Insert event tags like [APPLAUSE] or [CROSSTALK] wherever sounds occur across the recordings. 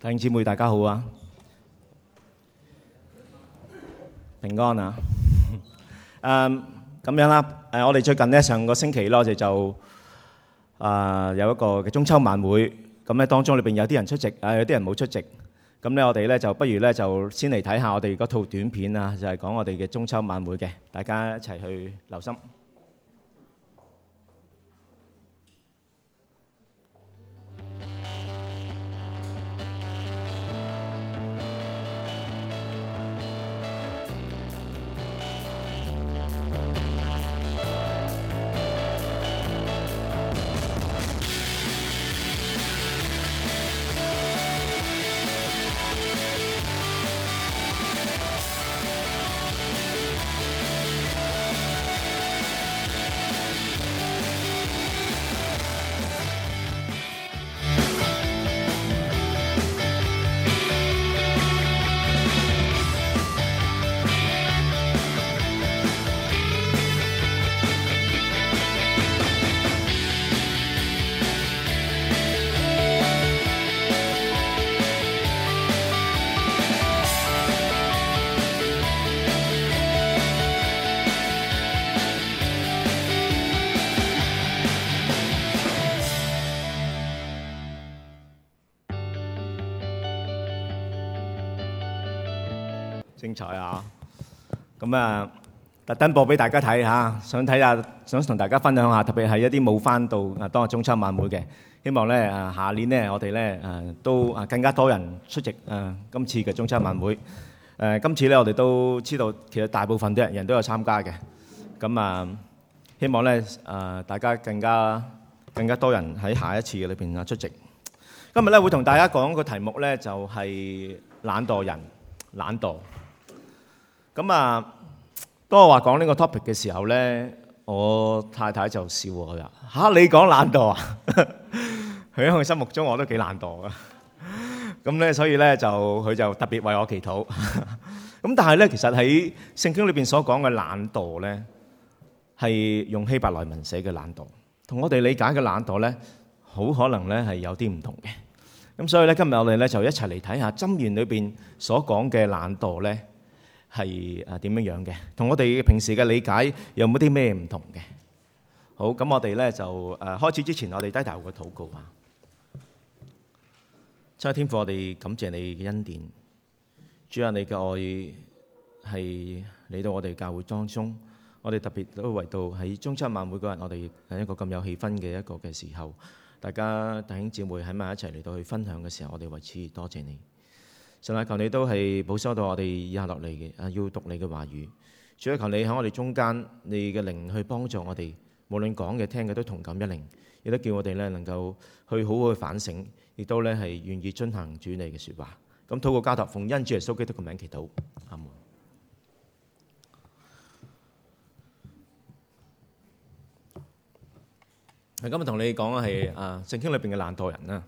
弟兄姊妹大家好啊，平安啊，嗯，咁樣啦，誒，我哋最近咧上個星期咯就，啊，有一個嘅中秋晚會，咁咧當中裏邊有啲人出席，啊，有啲人冇出席，咁咧我哋咧就不如咧就先嚟睇下我哋嗰套短片啊，就係講我哋嘅中秋晚會嘅，大家一齊去留心。係啊，咁啊，特登播俾大家睇吓，想睇下，想同大家分享下，特別係一啲冇翻到啊，當日中秋晚會嘅。希望咧，下年咧，我哋咧誒都啊更加多人出席誒今次嘅中秋晚會。誒，今次咧，我哋都知道其實大部分啲人都有參加嘅。咁啊，希望咧誒大家更加更加多人喺下一次嘅裏邊啊出席。今日咧會同大家講個題目咧就係懶惰人，懶惰。咁啊，當我話講呢個 topic 嘅時候咧，我太太就笑我啦。吓、啊，你講懶惰啊？喺 [LAUGHS] 佢心目中，我都幾懶惰噶。咁咧，所以咧就佢就特別為我祈禱。咁 [LAUGHS] 但係咧，其實喺聖經裏邊所講嘅懶惰咧，係用希伯來文寫嘅懶惰，同我哋理解嘅懶惰咧，好可能咧係有啲唔同嘅。咁所以咧，今日我哋咧就一齊嚟睇下《箴言》裏邊所講嘅懶惰咧，係誒點樣樣嘅？同我哋平時嘅理解有冇啲咩唔同嘅？好，咁我哋咧就誒、啊、開始之前，我哋低頭個禱告啊！親愛的天父，我哋感謝你嘅恩典，主啊，你嘅愛係嚟到我哋教會當中，我哋特別都為到喺中秋晚每個人，我哋喺一個咁有氣氛嘅一個嘅時候，大家弟兄姊妹喺埋一齊嚟到去分享嘅時候，我哋為此而多謝你。神啊，求你都係保守到我哋以下落嚟嘅要讀你嘅話語。主啊，求你喺我哋中間，你嘅靈去幫助我哋，無論講嘅聽嘅都同感一靈，亦都叫我哋呢能夠去好好的反省，亦都呢係願意遵行主你嘅說話。咁透過交託奉恩主耶穌基督嘅名祈禱，阿門。我今日同你講嘅係啊聖經裏邊嘅懶惰人啊。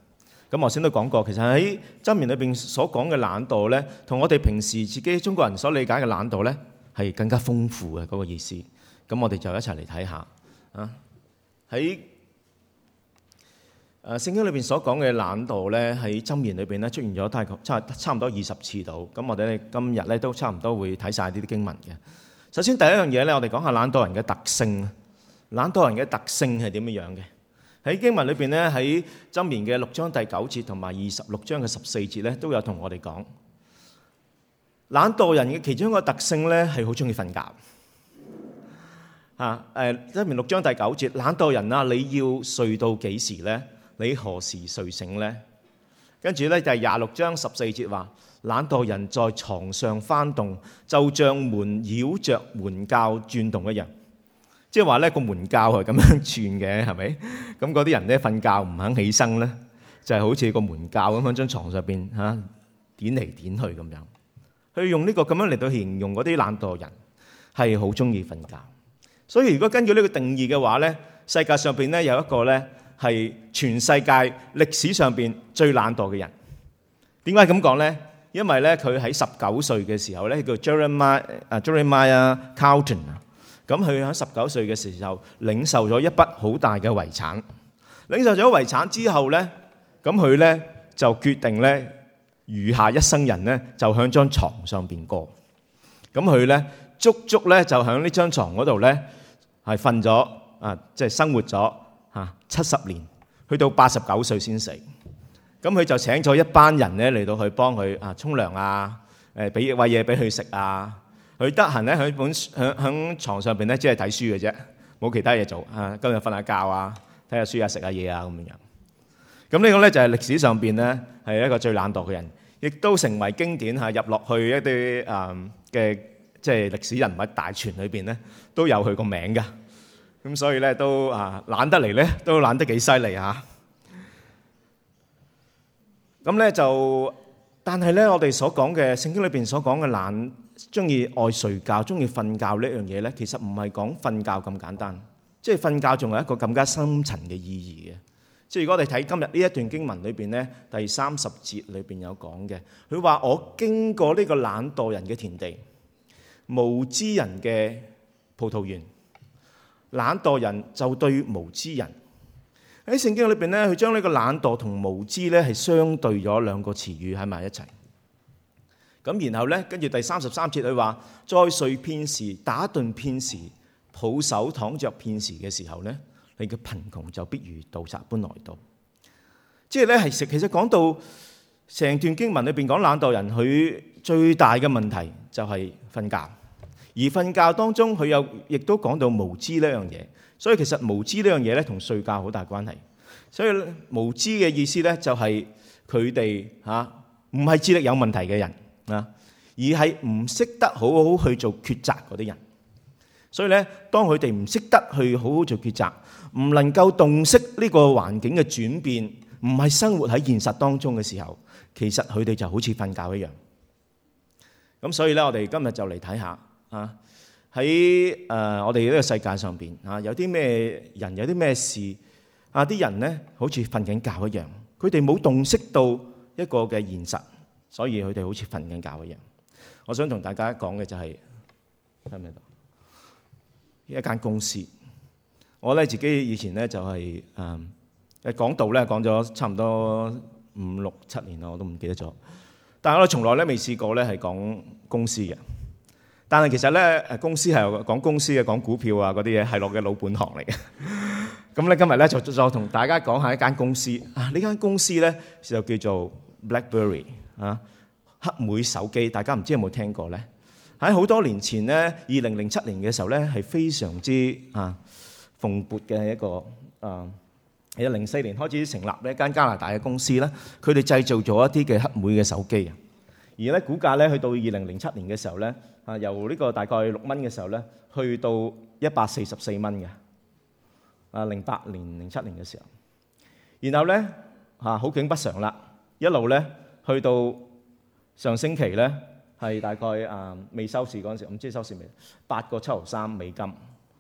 咁我先都講過，其實喺《箴言》裏邊所講嘅懶惰咧，同我哋平時自己中國人所理解嘅懶惰咧，係更加豐富嘅嗰個意思。咁我哋就一齊嚟睇下啊！喺誒聖經裏邊所講嘅懶惰咧，喺《箴言》裏邊咧出現咗大概差差唔多二十次到。咁我哋今日咧都差唔多會睇晒呢啲經文嘅。首先第一樣嘢咧，我哋講下懶惰人嘅特性。懶惰人嘅特性係點樣樣嘅？喺經文裏邊咧，喺箴言嘅六章第九節同埋二十六章嘅十四節咧，都有同我哋講，懶惰人嘅其中一個特性咧，係好中意瞓覺。啊，誒，箴言六章第九節，懶惰人啊，你要睡到幾時咧？你何時睡醒咧？跟住咧就係廿六章十四節話，懶惰人在床上翻動，就像門繞着門臼轉動一樣。即係話咧個門鉸係咁樣轉嘅，係咪？咁嗰啲人咧瞓覺唔肯起身咧，就係好似個門鉸咁喺張牀上邊嚇點嚟點去咁樣。佢用呢個咁樣嚟到形容嗰啲懶惰人係好中意瞓覺。所以如果根據呢個定義嘅話咧，世界上邊咧有一個咧係全世界歷史上邊最懶惰嘅人。點解咁講咧？因為咧佢喺十九歲嘅時候咧叫 Jeremiah 啊 Jeremiah 啊 Carlton。咁佢喺十九歲嘅時候領受咗一筆好大嘅遺產，領受咗遺產之後咧，咁佢咧就決定咧餘下一生人咧就喺張床上邊過。咁佢咧足足咧就喺呢張床嗰度咧係瞓咗啊，即係生活咗七十年，去到八十九歲先死。咁佢就請咗一班人咧嚟到去幫佢啊沖涼啊，誒俾餵嘢俾佢食啊。啊佢得閒咧，喺本書喺喺床上面咧，即係睇書嘅啫，冇其他嘢做啊！今日瞓下覺啊，睇下書啊，食下嘢啊，咁樣。咁呢個咧就係歷史上面咧，係一個最懶惰嘅人，亦都成為經典嚇入落去一啲誒嘅即係歷史人物大全裏面咧，都有佢個名㗎。咁所以咧都啊懶得嚟咧，都懶得幾犀利嚇。咁、啊、咧就，但係咧我哋所講嘅聖經裏面所講嘅懶。中意愛睡覺、中意瞓覺呢樣嘢呢？其實唔係講瞓覺咁簡單，即係瞓覺仲有一個更加深層嘅意義嘅。即係如果我哋睇今日呢一段經文裏邊呢，第三十節裏邊有講嘅，佢話我經過呢個懶惰人嘅田地、無知人嘅葡萄園，懶惰人就對無知人喺聖經裏邊呢，佢將呢個懶惰同無知呢係相對咗兩個詞語喺埋一齊。咁然後咧，跟住第三十三節佢話：再睡片時，打盹片時，抱手躺着片時嘅時候咧，你嘅貧窮就必如盜賊般來到。即係咧係食。其實講到成段經文裏邊講懶惰人，佢最大嘅問題就係瞓覺，而瞓覺當中佢又亦都講到無知呢樣嘢，所以其實無知呢樣嘢咧同睡覺好大關係。所以無知嘅意思咧就係佢哋嚇唔係智力有問題嘅人。啊！而係唔識得好好去做抉擇嗰啲人，所以咧，當佢哋唔識得去好好做抉擇，唔能夠洞悉呢個環境嘅轉變，唔係生活喺現實當中嘅時候，其實佢哋就好似瞓覺一樣。咁所以咧，我哋今日就嚟睇下啊，喺誒我哋呢個世界上邊啊，有啲咩人，有啲咩事啊，啲人咧好似瞓緊覺一樣，佢哋冇洞悉到一個嘅現實。所以佢哋好似瞓緊覺一樣。我想同大家講嘅就係喺唔喺度一間公司。我咧自己以前咧就係誒講道咧講咗差唔多五六七年啦，我都唔記得咗。但係我從來咧未試過咧係講公司嘅。但係其實咧誒公司係講公司嘅，講股票啊嗰啲嘢係落嘅老本行嚟嘅。咁咧今日咧就再同大家講下一間公司啊。呢間公司咧就叫做 BlackBerry。啊！黑莓手機，大家唔知有冇聽過呢？喺好多年前呢，二零零七年嘅時候呢，係非常之啊蓬勃嘅一個啊。其實零四年開始成立一間加拿大嘅公司啦，佢哋製造咗一啲嘅黑莓嘅手機啊。而呢股價呢，去到二零零七年嘅時候呢，啊由呢個大概六蚊嘅時候呢，去到一百四十四蚊嘅啊，零八年、零七年嘅時候。然後呢啊，好景不常啦，一路呢～去到上星期咧，係大概啊未收市嗰陣時，唔知收市未，八個七毫三美金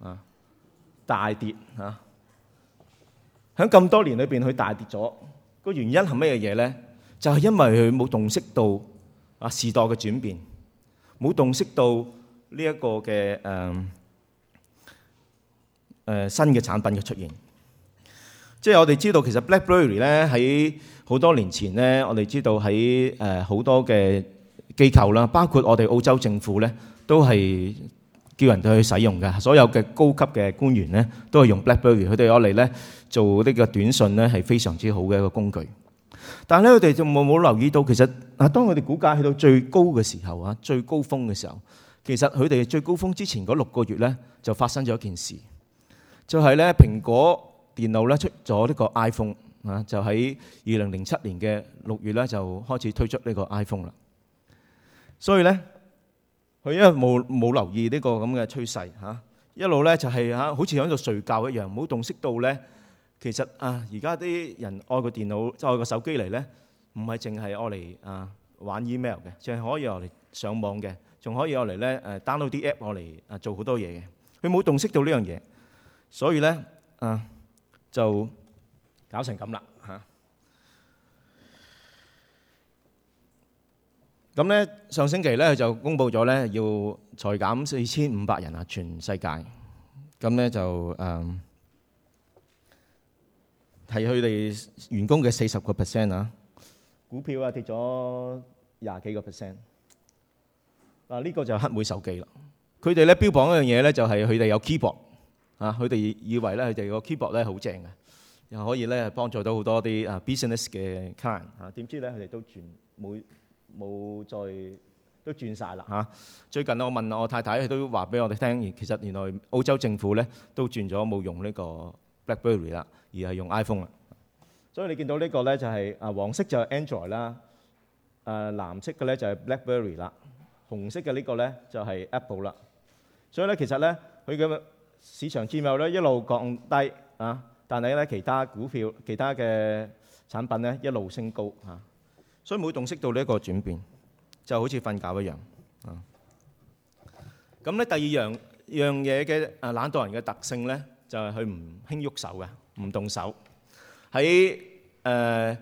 啊，大跌啊！喺咁多年裏邊，佢大跌咗，個原因係咩嘢嘢咧？就係因為佢冇洞悉到啊時代嘅轉變，冇洞悉到呢一個嘅誒誒新嘅產品嘅出現。即係我哋知道，其實 BlackBerry 咧喺好多年前咧，我哋知道喺誒好多嘅機構啦，包括我哋澳洲政府咧，都係叫人哋去使用嘅。所有嘅高級嘅官員咧，都係用 BlackBerry，佢哋攞嚟咧做呢個短信咧係非常之好嘅一個工具。但係咧，佢哋就冇冇留意到，其實嗱，當佢哋股價去到最高嘅時候啊，最高峰嘅時候，其實佢哋最高峰之前嗰六個月咧，就發生咗一件事，就係咧蘋果。電腦咧出咗呢個 iPhone 啊，就喺二零零七年嘅六月咧就開始推出呢個 iPhone 啦。所以咧，佢因為冇冇留意呢個咁嘅趨勢嚇，一路咧就係嚇好似喺度睡覺一樣，冇洞悉到咧其實啊，而家啲人愛個電腦即係愛個手機嚟咧，唔係淨係愛嚟啊玩 email 嘅，淨係可以愛嚟上網嘅，仲可以愛嚟咧誒 download 啲 app 愛嚟啊做好多嘢嘅。佢冇洞悉到呢樣嘢，所以咧啊。就搞成咁啦嚇！咁咧上星期咧就公布咗咧要裁減四千五百人啊，全世界。咁咧就誒係佢哋員工嘅四十個 percent 啊，股票啊跌咗廿幾個 percent。嗱呢個就黑莓手機啦。佢哋咧標榜一樣嘢咧，就係佢哋有 keyboard。啊！佢哋以為咧，佢哋個 keyboard 咧好正嘅，又可以咧幫助到好多啲啊 business 嘅 client 啊。點知咧，佢哋都轉冇冇再都轉曬啦嚇。最近我問我太太，佢都話俾我哋聽。其實原來澳洲政府咧都轉咗冇用呢個 BlackBerry 啦，而係用 iPhone 啦。所以你見到呢個咧就係啊黃色就係 Android 啦，誒藍色嘅咧就係 BlackBerry 啦，紅色嘅呢個咧就係 Apple 啦。所以咧其實咧佢嘅。市場佔有率一路降低啊，但係咧其他股票、其他嘅產品咧一路升高啊，所以冇洞悉到呢一個轉變，就好似瞓覺一樣啊。咁咧第二樣樣嘢嘅啊懶惰人嘅特性咧，就係佢唔輕喐手嘅，唔動手。喺誒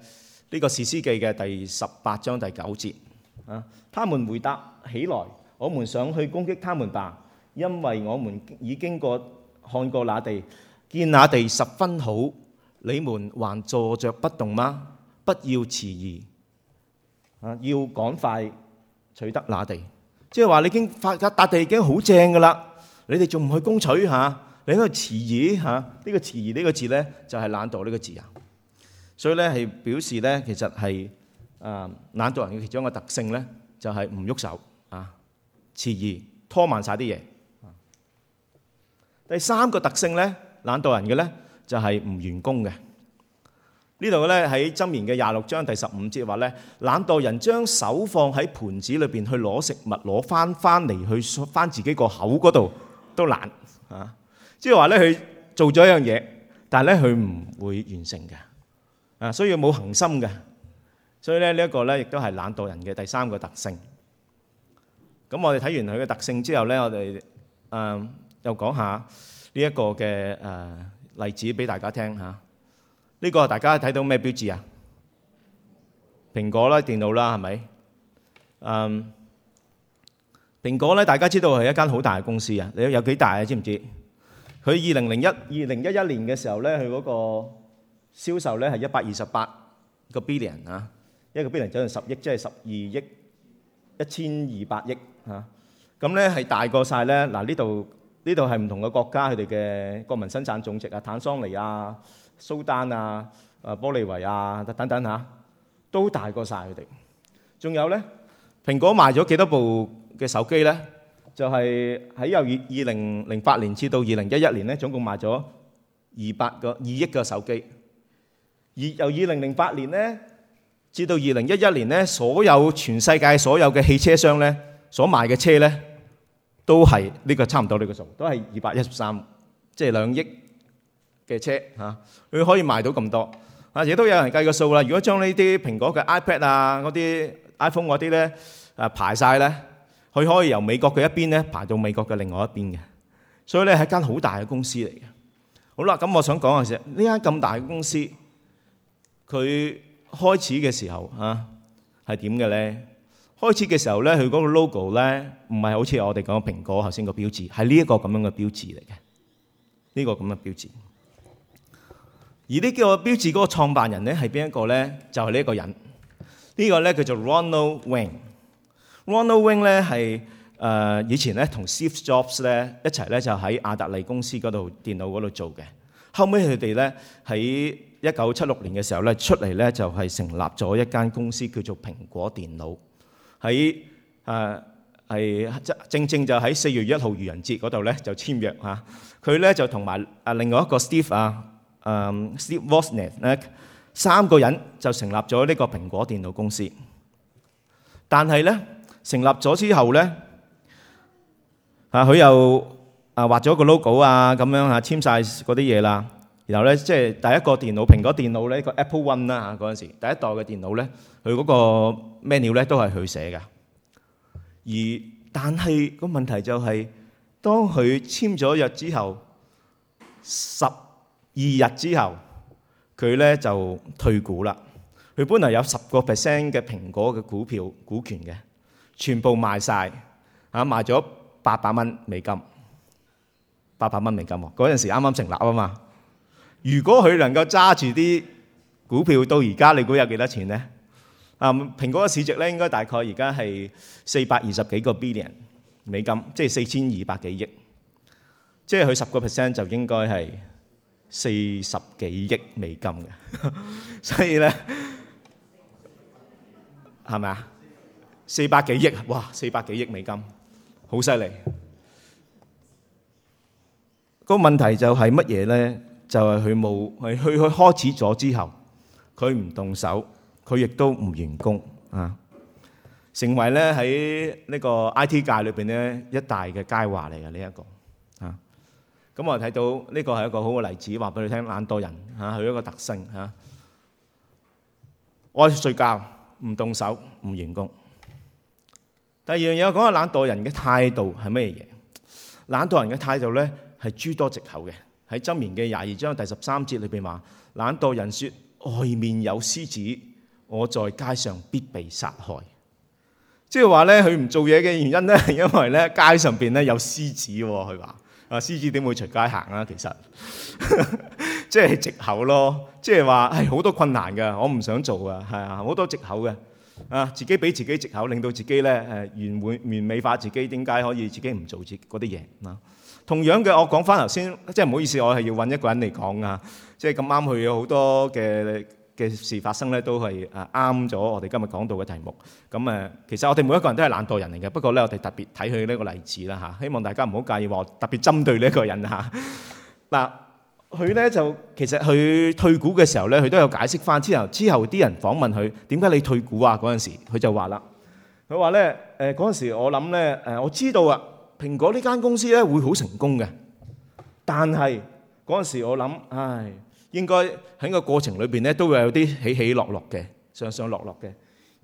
呢個《士師記》嘅第十八章第九節啊，他們回答起來，我們想去攻擊他們吧。.因為我們已經過看過那地，見那地十分好，你們還坐着不動嗎？不要遲疑，啊，要趕快取得那地。即係話你已經發達，地已經好正㗎啦，你哋仲唔去攻取嚇？你喺度遲疑嚇？呢個遲疑呢個字咧就係懶惰呢個字啊，所以咧係表示咧其實係啊懶惰人嘅其中一個特性咧就係唔喐手啊，遲疑拖慢晒啲嘢。第三個特性咧，懶惰人嘅咧就係、是、唔完工嘅。這呢度嘅咧喺箴言嘅廿六章第十五節話咧，懶惰人將手放喺盤子裏邊去攞食物，攞翻翻嚟去翻自己個口嗰度都懶啊！即係話咧，佢做咗一樣嘢，但係咧佢唔會完成嘅啊，所以冇恒心嘅。所以咧呢一、這個咧亦都係懶惰人嘅第三個特性。咁我哋睇完佢嘅特性之後咧，我哋嗯。又講下呢一個嘅誒、呃、例子俾大家聽吓。呢、啊這個大家睇到咩標誌啊？蘋果啦、電腦啦，係咪？誒、嗯、蘋果咧，大家知道係一間好大嘅公司啊！你有幾大啊？知唔知？佢二零零一、二零一一年嘅時候咧，佢嗰個銷售咧係一百二十八個 billion 啊，一個 billion 就係十億，即係十二億一千二百億吓。咁咧係大過晒咧嗱呢度。啊呢度係唔同嘅國家佢哋嘅國民生產總值啊，坦桑尼亞、蘇丹啊、啊玻利維亞等等嚇，都大過曬佢哋。仲有咧，蘋果賣咗幾多部嘅手機咧？就係喺由二二零零八年至到二零一一年咧，總共賣咗二百個二億個手機。而由二零零八年咧至到二零一一年咧，所有全世界所有嘅汽車商咧所賣嘅車咧。都係呢個差唔多呢個數，都係二百一十三，即係兩億嘅車嚇，佢可以賣到咁多。啊，亦都有人計個數啦。如果將呢啲蘋果嘅 iPad 啊、嗰啲 iPhone 嗰啲咧啊排曬咧，佢可以由美國嘅一邊咧排到美國嘅另外一邊嘅。所以咧，係間好大嘅公司嚟嘅。好啦，咁我想講嘅就係呢間咁大嘅公司，佢開始嘅時候啊係點嘅咧？開始嘅時候咧，佢嗰個 logo 咧，唔係好似我哋講嘅蘋果頭先個標誌，係呢一個咁樣嘅標誌嚟嘅。呢個咁嘅標誌，而呢個標誌嗰個創辦人咧係邊一個咧？就係呢一個人。呢個咧叫做 Ronald Wayne。Ronald Wayne 咧係誒、呃、以前咧同 Steve Jobs 咧一齊咧就喺亞特利公司嗰度電腦嗰度做嘅。後尾佢哋咧喺一九七六年嘅時候咧出嚟咧就係、是、成立咗一間公司叫做蘋果電腦。喺誒係正正就喺四月一號愚人節嗰度咧就簽約嚇，佢、啊、咧就同埋啊另外一個 Steve 啊，誒 Steve Wozniak、啊、三個人就成立咗呢個蘋果電腦公司。但係咧成立咗之後咧，啊佢又啊畫咗個 logo 啊咁樣啊，簽晒嗰啲嘢啦。然後咧，即係第一個電腦，蘋果電腦咧，個 Apple One 啦嚇，嗰陣時第一代嘅電腦咧，佢嗰個 menu 咧都係佢寫㗎。而但係個問題就係、是，當佢簽咗約之後十二日之後，佢咧就退股啦。佢本嚟有十個 percent 嘅蘋果嘅股票股權嘅，全部賣晒，嚇、啊、賣咗八百蚊美金，八百蚊美金喎。嗰陣時啱啱成立啊嘛。如果佢能夠揸住啲股票到而家，你估有幾多錢咧？啊、嗯，蘋果嘅市值咧應該大概而家係四百二十幾個 billion 美金，即係四千二百幾億。即係佢十個 percent 就應該係四十幾億美金嘅。所以咧，係咪啊？四百幾億哇，四百幾億美金，好犀利。個問題就係乜嘢咧？就係佢冇，係佢佢開始咗之後，佢唔動手，佢亦都唔完工啊，成為咧喺呢個 IT 界裏邊咧一大嘅佳話嚟嘅呢一個啊。咁、啊、我睇到呢、這個係一個好嘅例子，話俾你聽，懶惰人啊，佢一個特性啊，愛去睡覺，唔動手，唔完工。第二樣嘢我講下懶惰人嘅態度係咩嘢？懶惰人嘅態度咧係諸多藉口嘅。喺《箴言》嘅廿二章第十三節裏邊話：懶惰人說外面有獅子，我在街上必被殺害。即係話咧，佢唔做嘢嘅原因咧，係因為咧街上邊咧有獅子，哦。佢話：啊，獅子點會隨街行啊？其實，即 [LAUGHS] 係藉口咯。即係話係好多困難㗎，我唔想做啊，係啊，好多藉口嘅。啊，自己俾自己藉口，令到自己咧係完滿完美化自己，點解可以自己唔做自己嗰啲嘢啊？同樣嘅，我講翻頭先，即係唔好意思，我係要揾一個人嚟講啊，即係咁啱佢有好多嘅嘅事發生咧，都係啊啱咗我哋今日講到嘅題目。咁誒，其實我哋每一個人都係懶惰人嚟嘅，不過咧，我哋特別睇佢呢個例子啦嚇。希望大家唔好介意話特別針對呢一個人嚇。嗱，佢咧就其實佢退股嘅時候咧，佢都有解釋翻之後。之後啲人訪問佢，點解你退股啊？嗰陣時佢就話啦，佢話咧誒嗰陣時我諗咧誒我知道啊。蘋果呢間公司咧會好成功嘅，但係嗰陣時我諗，唉，應該喺個過程裏邊咧都會有啲起起落落嘅，上上落落嘅。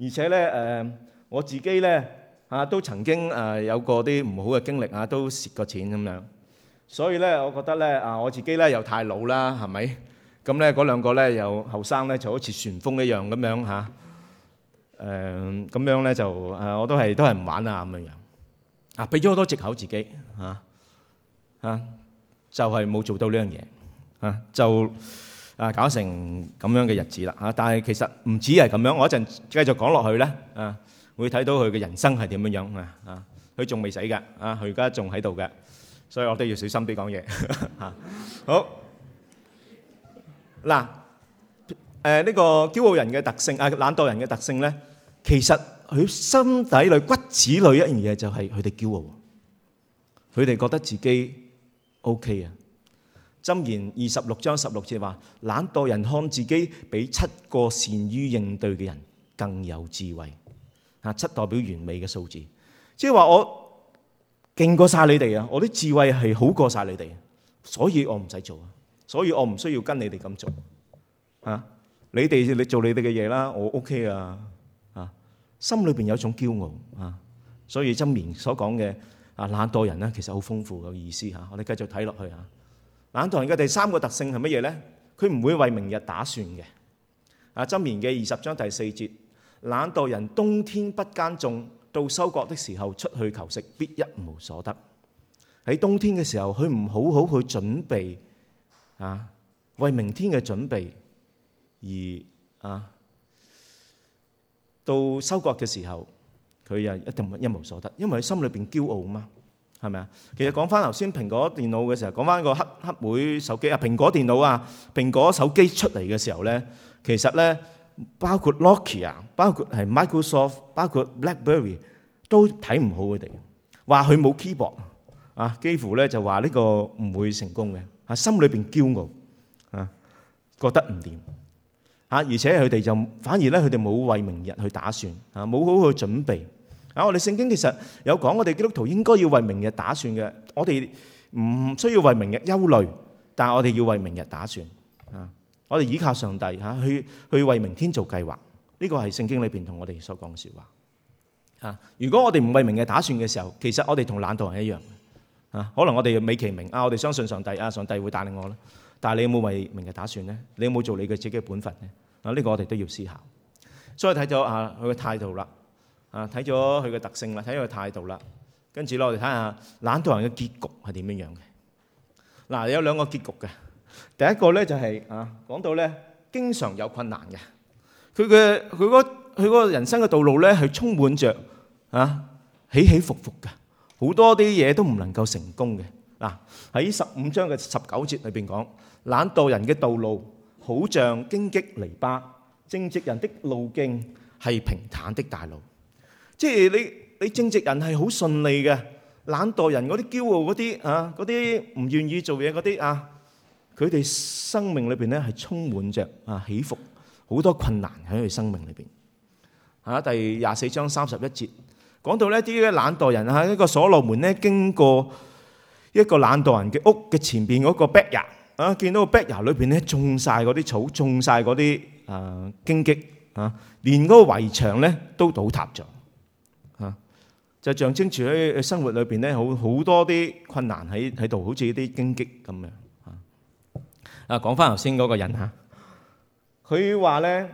而且咧誒，我自己咧啊都曾經誒有過啲唔好嘅經歷啊，都蝕過錢咁樣。所以咧，我覺得咧啊，我自己咧又太老啦，係咪？咁咧嗰兩個咧又後生咧就好似旋風一樣咁樣嚇。誒咁樣咧就誒我都係都係唔玩啦咁樣。啊！俾咗好多藉口自己，嚇嚇就係冇做到呢樣嘢，嚇就啊搞成咁樣嘅日子啦，嚇！但係其實唔止係咁樣，我一陣繼續講落去咧，啊會睇到佢嘅人生係點樣樣啊！啊，佢仲未死嘅，啊佢而家仲喺度嘅，所以我哋要小心啲講嘢嚇。好嗱，誒呢個驕傲人嘅特性啊，懶惰人嘅特性咧，其實。佢心底裏骨子裏一樣嘢就係佢哋驕傲，佢哋覺得自己 OK 啊。箴言二十六章十六節話：懶惰人看自己比七個善於應對嘅人更有智慧。啊，七代表完美嘅數字，即係話我勁過晒你哋啊！我啲智慧係好過晒你哋，所以我唔使做啊，所以我唔需要跟你哋咁做啊。你哋你做你哋嘅嘢啦，我 OK 啊。心裏邊有一種驕傲啊，所以箴言所講嘅啊懶惰人呢，其實好豐富的意思。我哋繼續睇落去啊，懶惰人嘅第三個特性係乜嘢呢？佢唔會為明日打算嘅。啊，箴言嘅二十章第四節，懶惰人冬天不耕種，到收割的時候出去求食，必一無所得。喺冬天嘅時候，佢唔好好去準備啊，為明天嘅準備而啊。到收割嘅時候，佢又一定一無所得，因為佢心裏邊驕傲啊嘛，係咪啊？其實講翻頭先蘋果電腦嘅時候，講翻個黑黑莓手機啊，蘋果電腦啊，蘋果手機出嚟嘅時候咧，其實咧包括 Nokia、包括係 Microsoft、包括 Blackberry 都睇唔好佢哋，話佢冇 keyboard 啊，幾乎咧就話呢個唔會成功嘅，啊心裏邊驕傲啊，覺得唔掂。而且佢哋就反而咧，佢哋冇為明日去打算，啊冇好好去準備。啊！我哋聖經其實有講，我哋基督徒應該要為明日打算嘅。我哋唔需要為明日憂慮，但係我哋要為明日打算。啊！我哋依靠上帝吓，去去為明天做計劃。呢個係聖經裏邊同我哋所講嘅說話。啊！如果我哋唔為明日打算嘅時候，其實我哋同懶惰人一樣。啊！可能我哋美其名啊，我哋相信上帝啊，上帝會帶領我啦。但係你有冇為明日打算咧？你有冇做你嘅自己嘅本分咧？啊！呢個我哋都要思考，所以睇咗啊佢嘅態度啦，啊睇咗佢嘅特性啦，睇佢態度啦，跟住咧我哋睇下懶惰人嘅結局係點樣樣嘅。嗱，有兩個結局嘅，第一個咧就係啊，講到咧經常有困難嘅，佢嘅佢嗰佢嗰個人生嘅道路咧係充滿着啊起起伏伏嘅，好多啲嘢都唔能夠成功嘅。嗱，喺十五章嘅十九節裏邊講懶惰人嘅道路，好像荊棘籬笆，正直人的路徑係平坦的大路，即係你你正直人係好順利嘅，懶惰人嗰啲驕傲嗰啲啊，嗰啲唔願意做嘢嗰啲啊，佢哋生命裏邊咧係充滿着啊起伏，好多困難喺佢生命裏邊。啊，第廿四章三十一節講到咧啲咧懶惰人啊，一個所羅門咧經過一個懶惰人嘅屋嘅前邊嗰個 backyard。啊！見到個壁壩裏邊咧種曬嗰啲草，種曬嗰啲誒荊棘啊！連嗰個圍牆咧都倒塌咗啊！就象徵住喺生活裏邊咧，好好多啲困難喺喺度，好似啲荊棘咁樣啊！講返頭先嗰個人嚇，佢話咧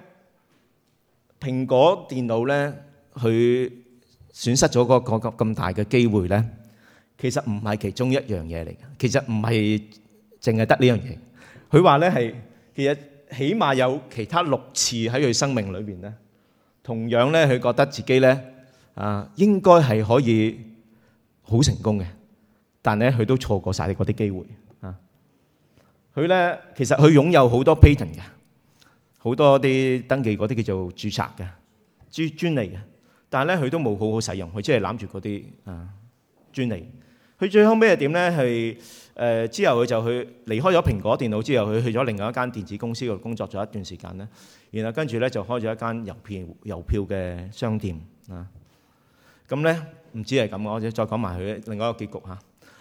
蘋果電腦咧，佢損失咗個個咁大嘅機會咧，其實唔係其中一樣嘢嚟嘅，其實唔係。淨係得呢樣嘢，佢話咧係，其實起碼有其他六次喺佢生命裏邊咧，同樣咧佢覺得自己咧啊應該係可以好成功嘅，但咧佢都錯過晒嗰啲機會啊！佢咧其實佢擁有好多 patent 嘅，好多啲登記嗰啲叫做註冊嘅專專利嘅，但係咧佢都冇好好使用，佢只係攬住嗰啲啊專利。佢最後尾係點咧？係誒之後佢就去離開咗蘋果電腦之後，佢去咗另外一間電子公司度工作咗一段時間咧。然後跟住咧就開咗一間郵票郵票嘅商店啊。咁咧唔知係咁嘅，我哋再講埋佢另外一個結局嚇。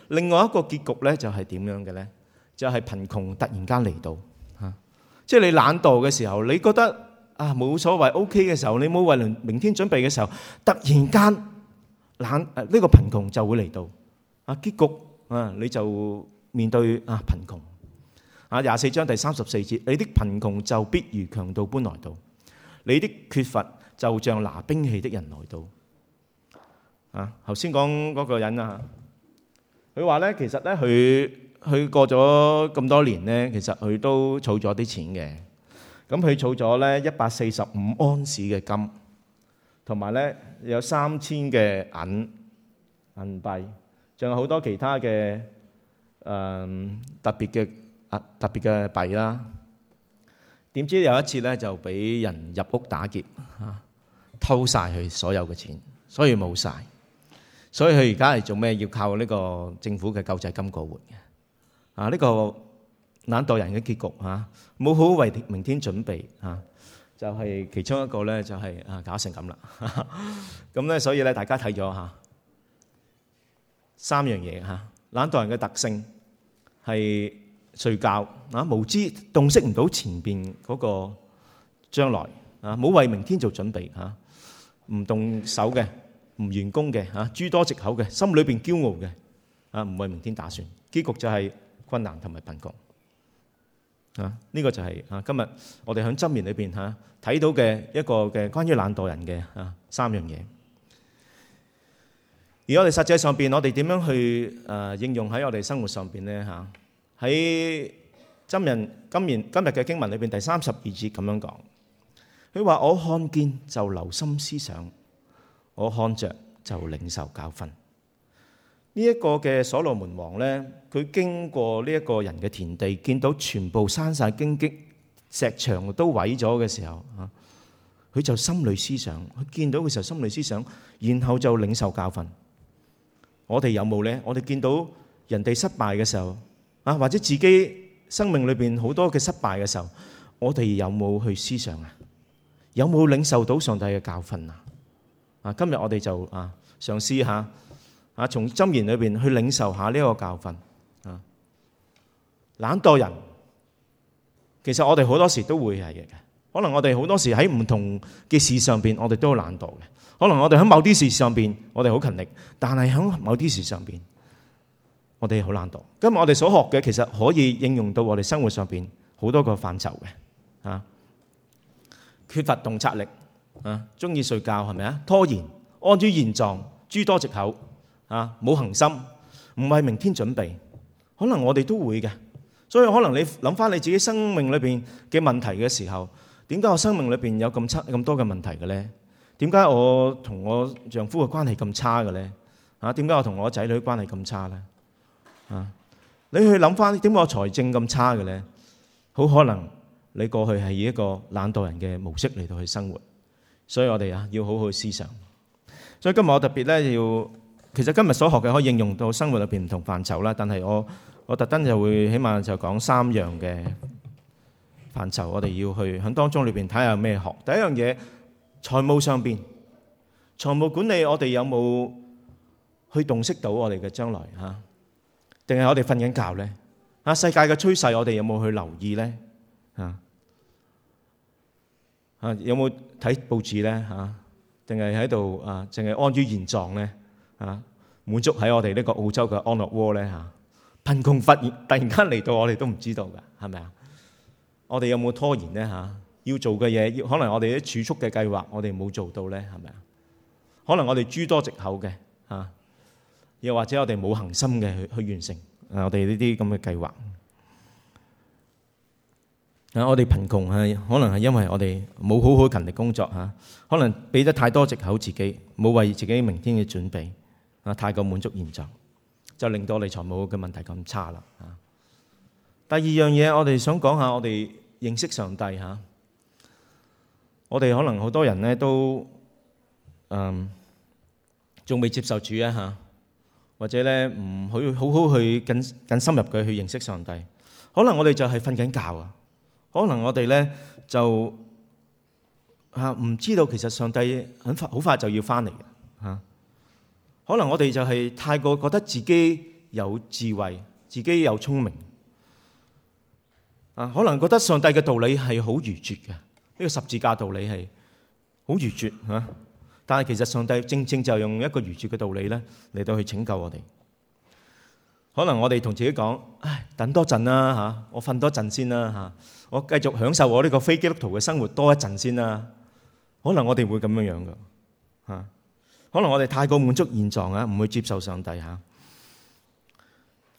另外一個結局咧就係點樣嘅咧？就係貧窮突然間嚟到嚇。即係你懶惰嘅時候，你覺得啊冇所謂 OK 嘅時候，你冇為明天準備嘅時候，突然間懶誒呢個貧窮就會嚟到。啊！結局啊，你就面對啊貧窮啊。廿四章第三十四節，你的貧窮就必如強盜般來到，你的缺乏就像拿兵器的人來到啊。頭先講嗰個人啊，佢話咧，其實咧，佢佢過咗咁多年咧，其實佢都儲咗啲錢嘅。咁佢儲咗咧一百四十五安士嘅金，同埋咧有三千嘅銀銀幣。.仲有好多其他嘅誒特別嘅啊特別嘅幣啦，點知有一次咧就俾人入屋打劫嚇，偷曬佢所有嘅錢，所以冇曬，所以佢而家係做咩要靠呢個政府嘅救濟金過活嘅啊？呢個懶惰人嘅結局嚇，冇好為明天準備嚇，就係其中一個咧，就係啊搞成咁啦，咁咧所以咧大家睇咗嚇。三樣嘢，懶惰人嘅特性係睡覺啊。而我哋實際上邊，我哋點樣去誒應用喺我哋生活上邊咧？嚇，喺今日、今年、今日嘅經文裏面第三十二節咁樣講，佢話：我看見就留心思想，我看着就領受教訓。呢、這、一個嘅所羅門王咧，佢經過呢一個人嘅田地，見到全部山、晒荊棘、石牆都毀咗嘅時候，嚇，佢就心裏思想，佢見到嘅時候心裏思想，然後就領受教訓。我哋有冇呢？我哋見到人哋失敗嘅時候啊，或者自己生命裏邊好多嘅失敗嘅時候，我哋有冇去思想啊？有冇領受到上帝嘅教訓啊教訓？啊，今日我哋就啊，嘗試下，啊，從箴言裏邊去領受下呢一個教訓啊。懶惰人其實我哋好多時都會係嘅，可能我哋好多時喺唔同嘅事上邊，我哋都好懶惰嘅。可能我哋喺某啲事上邊，我哋好勤力；但係喺某啲事上邊，我哋好懶惰。今日我哋所學嘅，其實可以應用到我哋生活上邊好多個範疇嘅。啊，缺乏洞察力，啊，中意睡覺係咪啊？拖延，安於現狀，諸多借口，啊，冇恒心，唔係明天準備。可能我哋都會嘅。所以可能你諗翻你自己生命裏邊嘅問題嘅時候，點解我生命裏邊有咁差咁多嘅問題嘅咧？點解我同我丈夫嘅關係咁差嘅咧？嚇？點解我同我仔女關係咁差咧？嚇？你去諗翻，點解我財政咁差嘅咧？好可能你過去係以一個懶惰人嘅模式嚟到去生活，所以我哋啊，要好好思想。所以今日我特別咧要，其實今日所學嘅可以應用到生活入邊唔同範疇啦。但係我我特登就會起碼就講三樣嘅範疇，我哋要去響當中裏邊睇下有咩學。第一樣嘢。財務上邊，財務管理我哋有冇去洞悉到我哋嘅將來嚇？定係我哋瞓緊覺咧？啊，世界嘅趨勢我哋有冇去留意咧？啊啊，有冇睇報紙咧？嚇？定係喺度啊？淨係、啊啊、安於現狀咧？啊，滿足喺我哋呢個澳洲嘅安樂窩咧？嚇、啊，貧窮忽然，突然間嚟到我哋都唔知道噶，係咪啊？我哋有冇拖延咧？嚇？要做嘅嘢，要可能我哋啲儲蓄嘅計劃，我哋冇做到咧，係咪啊？可能我哋諸多藉口嘅，嚇，又或者我哋冇恒心嘅去去完成，啊，我哋呢啲咁嘅計劃，啊，我哋貧窮係可能係因為我哋冇好好勤力工作嚇，可能俾得太多藉口自己，冇為自己明天嘅準備，啊，太過滿足現狀，就令到你哋財務嘅問題咁差啦。第二樣嘢，我哋想講下，我哋認識上帝嚇。我哋可能好多人咧都，嗯，仲未接受主啊吓，或者咧唔去好好去更更深入嘅去認識上帝。可能我哋就係瞓緊覺啊，可能我哋咧就啊唔知道其實上帝很快好快就要翻嚟吓。可能我哋就係太過覺得自己有智慧，自己有聰明，啊，可能覺得上帝嘅道理係好愚拙嘅。呢個十字架道理係好愚拙吓，但係其實上帝正正就用一個愚拙嘅道理咧嚟到去拯救我哋。可能我哋同自己講，唉，等多陣啦吓，我瞓多陣先啦吓，我繼續享受我呢個非基督徒嘅生活多一陣先啦。可能我哋會咁樣樣噶吓，可能我哋太過滿足現狀啊，唔會接受上帝吓。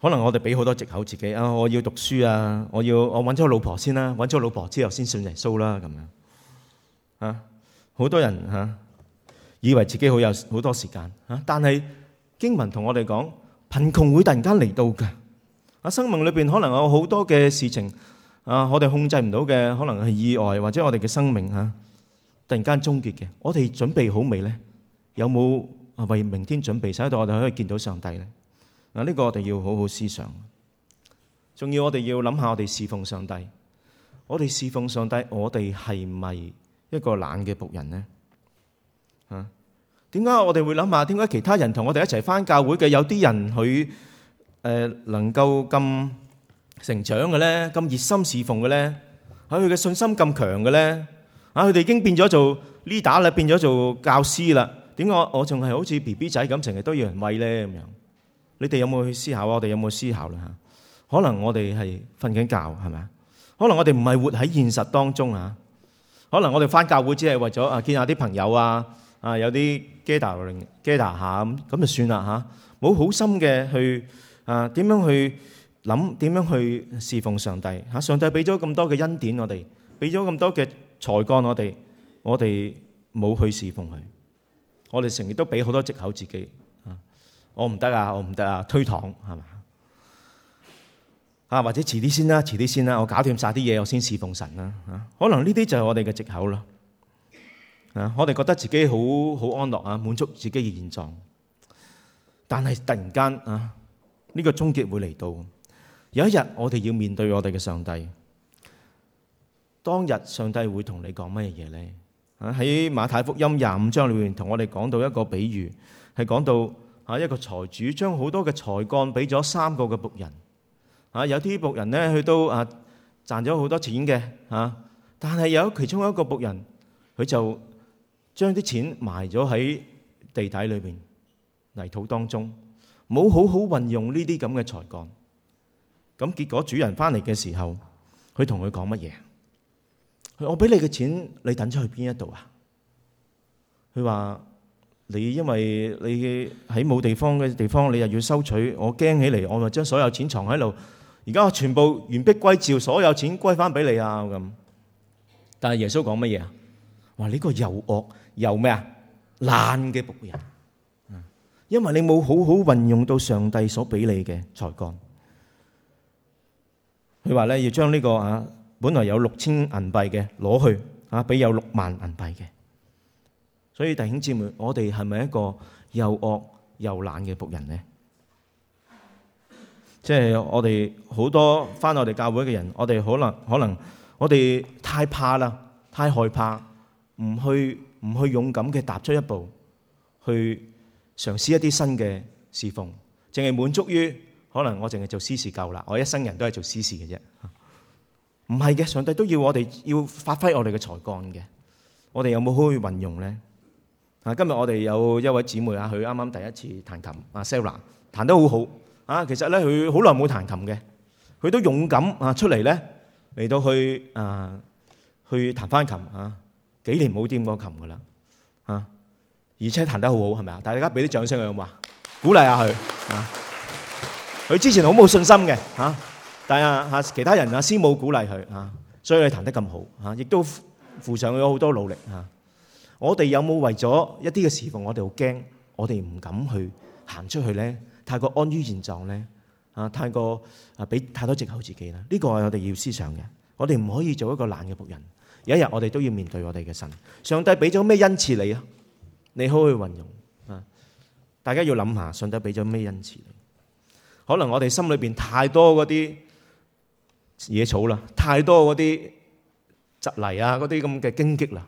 可能我哋俾好多藉口自己啊，我要讀書啊，我要我揾咗個老婆先啦，啊，揾咗老婆之後先信耶穌啦，咁樣啊，好多人啊，以為自己好有好多時間啊，但係經文同我哋講，貧窮會突然間嚟到噶啊，生命裏邊可能有好多嘅事情啊，我哋控制唔到嘅，可能係意外或者我哋嘅生命啊，突然間終結嘅，我哋準備好未咧？有冇啊為明天準備，使到，我哋可以見到上帝咧？嗱，呢個我哋要好好思想。仲要想想我哋要諗下，我哋侍奉上帝，我哋侍奉上帝，我哋係咪一個懶嘅僕人呢？點、啊、解我哋會諗下？點解其他人同我哋一齊返教會嘅有啲人佢、呃、能夠咁成長嘅咧？咁熱心侍奉嘅咧？佢嘅信心咁強嘅咧？佢、啊、哋已經變咗做 leader 啦，變咗做教師啦。點解我仲係好似 B B 仔咁，成日都要人餵咧咁樣。你哋有冇去思考？我哋有冇思考啦？可能我哋係瞓緊覺，係咪啊？可能我哋唔係活喺現實當中啊？可能我哋返教會只係為咗啊，見下啲朋友啊，啊有啲 gather 嚟 gather 下咁，咁就算啦吓，冇、啊、好心嘅去啊點樣去諗？點樣去侍奉上帝吓、啊？上帝俾咗咁多嘅恩典我哋，俾咗咁多嘅才幹我哋，我哋冇去侍奉佢，我哋成日都俾好多藉口自己。我唔得啊！我唔得啊！推搪係嘛啊？或者遲啲先啦，遲啲先啦！我搞掂晒啲嘢，我先侍奉神啦、啊、吓、啊。可能呢啲就係我哋嘅借口啦吓、啊。我哋覺得自己好好安樂啊，滿足自己嘅現狀。但係突然間啊，呢、這個終結會嚟到。有一日我哋要面對我哋嘅上帝。當日上帝會同你講乜嘢咧？啊喺馬太福音廿五章裏面，同我哋講到一個比喻，係講到。啊！一個財主將好多嘅才幹俾咗三個嘅僕人。啊，有啲僕人咧，佢都啊賺咗好多錢嘅。嚇，但係有其中一個僕人，佢就將啲錢埋咗喺地底裏邊泥土當中，冇好好運用呢啲咁嘅才幹。咁結果主人翻嚟嘅時候，佢同佢講乜嘢？我俾你嘅錢，你抌咗去邊一度啊？佢話。你因為你喺冇地方嘅地方，你又要收取，我驚起嚟，我咪將所有錢藏喺度。而家我全部完璧歸趙，所有錢歸翻俾你啊咁。但係耶穌講乜嘢啊？話呢個又惡又咩啊？懶嘅僕人。嗯，因為你冇好好運用到上帝所俾你嘅才幹。佢話咧要將呢個啊，本來有六千銀幣嘅攞去啊，俾有六萬銀幣嘅。所以弟兄姊妹，我哋係咪一個又惡又懶嘅僕人咧？即係我哋好多返我哋教會嘅人，我哋可能可能我哋太怕啦，太害怕，唔去唔去勇敢嘅踏出一步，去嘗試一啲新嘅侍奉，淨係滿足於可能我淨係做私事夠啦，我一生人都係做私事嘅啫。唔係嘅，上帝都要我哋要發揮我哋嘅才幹嘅，我哋有冇去運用咧？啊，今日我哋有一位姊妹啊，佢啱啱第一次彈琴，阿 Selena 彈得好好，啊其實咧佢好耐冇彈琴嘅，佢都勇敢啊出嚟咧嚟到去啊、呃、去彈翻琴啊，幾年冇掂過琴噶啦，啊而且彈得好好係咪啊？大家俾啲掌聲佢好嘛？鼓勵下佢啊，佢之前好冇信心嘅，但係啊其他人啊師母鼓勵佢啊，所以佢彈得咁好啊，亦都付上咗好多努力啊。我哋有冇為咗一啲嘅事奉，我哋好驚，我哋唔敢去行出去咧？太過安於現狀咧，啊，太過啊，俾太多借口自己啦。呢個係我哋要思想嘅。我哋唔可以做一個懶嘅僕人。有一日，我哋都要面對我哋嘅神。上帝俾咗咩恩賜你啊？你可以去運用啊！大家要諗下，上帝俾咗咩恩賜你？可能我哋心裏邊太多嗰啲野草啦，太多嗰啲蒺藜啊，嗰啲咁嘅荊棘啦。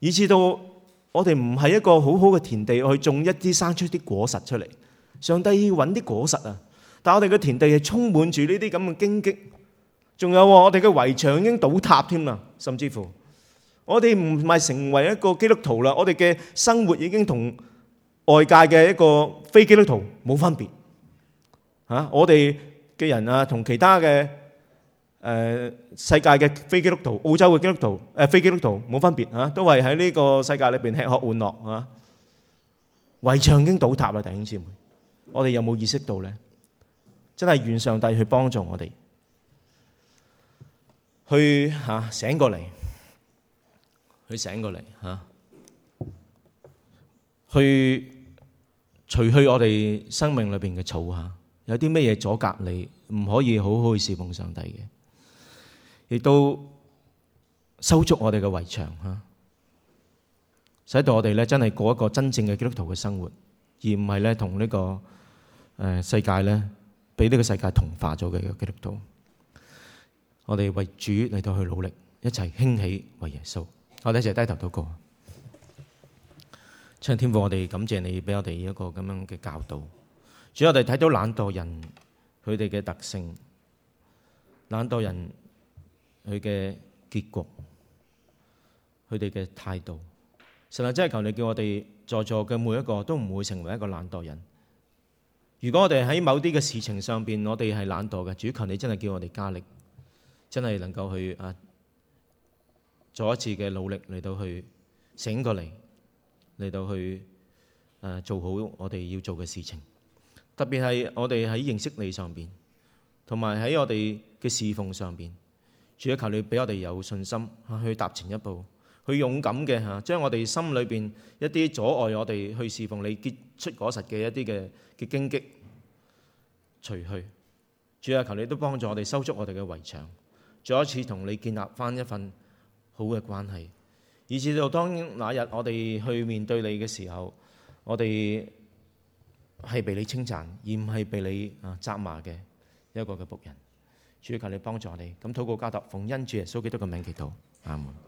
以至到我哋唔係一個好好嘅田地去種一啲生出啲果實出嚟，上帝要搵啲果實啊！但係我哋嘅田地係充滿住呢啲咁嘅荊棘，仲有我哋嘅圍牆已經倒塌添啦，甚至乎我哋唔係成為一個基督徒啦，我哋嘅生活已經同外界嘅一個非基督徒冇分別吓，我哋嘅人啊同其他嘅。誒世界嘅非基督徒、澳洲嘅基督徒、誒非基督徒冇分別嚇，都係喺呢個世界裏邊吃喝玩樂嚇。圍牆已經倒塌啦，弟兄姊妹，我哋有冇意識到咧？真係願上帝去幫助我哋，去嚇、啊、醒過嚟、啊，去醒過嚟嚇，去除去我哋生命裏邊嘅草嚇，有啲咩嘢阻隔你，唔可以好好去侍奉上帝嘅？亦都修築我哋嘅圍牆吓，使到我哋咧真係過一個真正嘅基督徒嘅生活，而唔係咧同呢個誒世界咧俾呢個世界同化咗嘅基督徒。我哋為主嚟到去努力，一齊興起為耶穌。我哋一齊低頭禱告。天父，我哋感謝你俾我哋一個咁樣嘅教導。主，我哋睇到懶惰人佢哋嘅特性，懶惰人。佢嘅結局，佢哋嘅態度，實在真係求你叫我哋在座嘅每一個都唔會成為一個懶惰人。如果我哋喺某啲嘅事情上邊，我哋係懶惰嘅，主求你真係叫我哋加力，真係能夠去啊做一次嘅努力嚟到去醒過嚟，嚟到去誒、啊、做好我哋要做嘅事情。特別係我哋喺認識你上邊，同埋喺我哋嘅侍奉上邊。主啊，求你俾我哋有信心去踏前一步，去勇敢嘅，吓將我哋心裏邊一啲阻礙我哋去侍奉你、結出果實嘅一啲嘅嘅荊棘除去。主啊，求你都幫助我哋收足我哋嘅圍牆，再一次同你建立翻一份好嘅關係，以至到當那日我哋去面對你嘅時候，我哋係被你稱讚，而唔係被你啊責罵嘅一個嘅僕人。主求你幫助我哋，咁禱告交答，逢恩主耶穌基督嘅名祈禱。阿門。